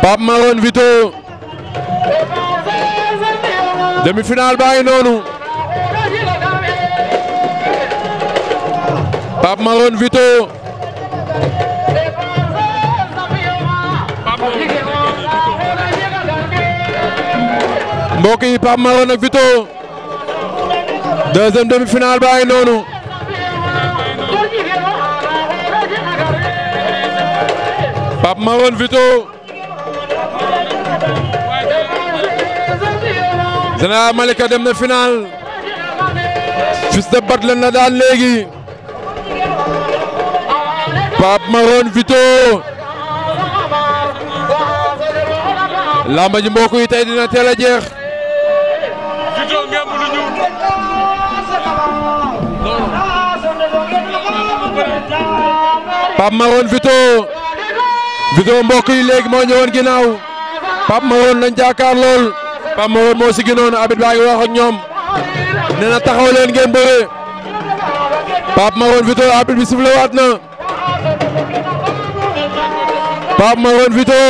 Pape Marone Vito demi-finale baa ngi noonu Pape Marone Vito mbokk demi-finale baa noonu Général Malika dem na final Fils de Batlin la daan léegi Pape Maroon Vito lamba ji mbokk yi tey jeex. Vito Maroon Vito Vito mbokk léegi moo ñëwoon ginnaaw Pape Maroon lañ jàkkaar lool. Pape Mor moo si abit baa ngi wax ñoom nee na taxaw leen ngeen bëree Pape Maroon abit bi siflewaat na Pape Maroon Vito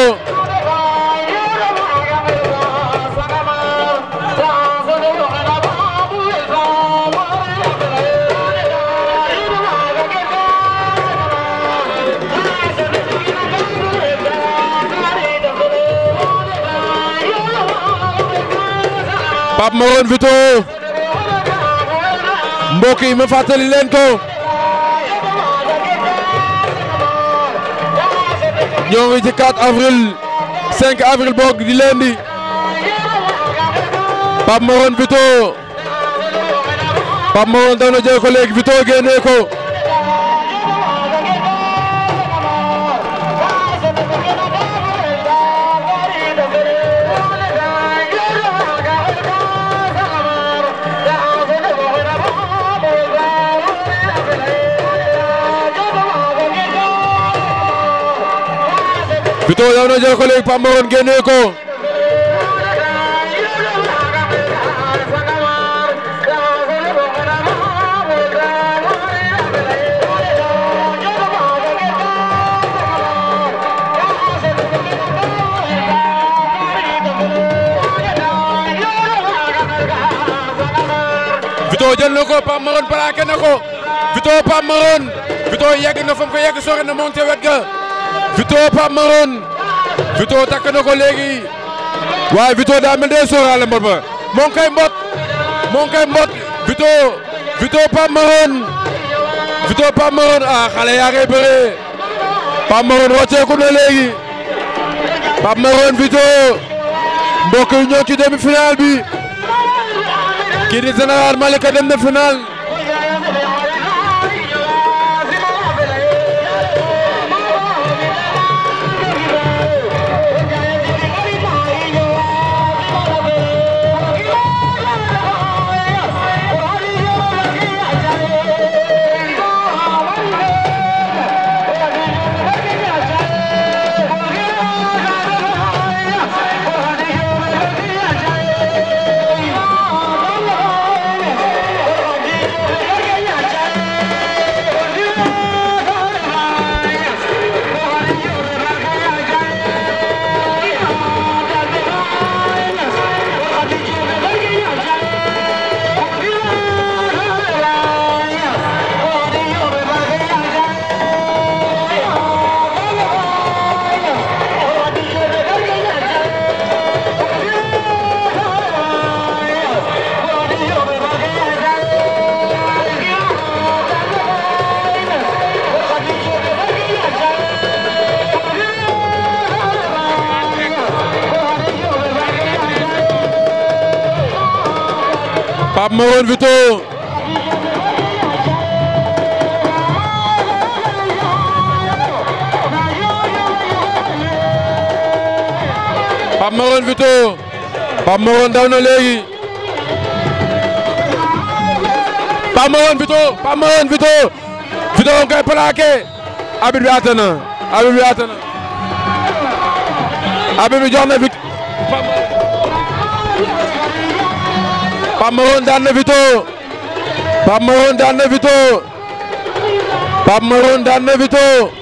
Pape Morone Vito mbokk yi ma fàttali leen ko ñoo ngi ci avril 5 avril boog di lundi Pape Morone Vito Pape Morone daw na jël ko léegi Vito génnee ko Bito yow na jël ko léegi Pape Morone génnee ko Vito jël na ko Pape Morone plaqué na ko Vito Pape Morone Vito yegg na fa mu ko yegg sori na moom ca wet ga Vito Pape Maroon Vito takk na ko léegi waaye Vito daa mel day sóoraale mbot ba moo mbot moo ngi koy mbot Vito Vito Pape Maroon Vito Pape Maroon ah xale yaa ngay bëree Pape Maroon wàcceeku léegi Pape Maroon Vito mbokk yi ñoo demi final bi kii di général Malika dem na Pape Marone Vito Pape Marone Vito Pape Marone daw na léegi Pape Marone Vito Pape Marone Vito Vito nga koy plaqué arbitre bi àtte na arbitre bi àtte na arbitre bi jox na Pape Maroon daan na Vito Pape Maroon daan